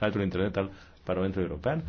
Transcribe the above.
site-ul internet al Parlamentului European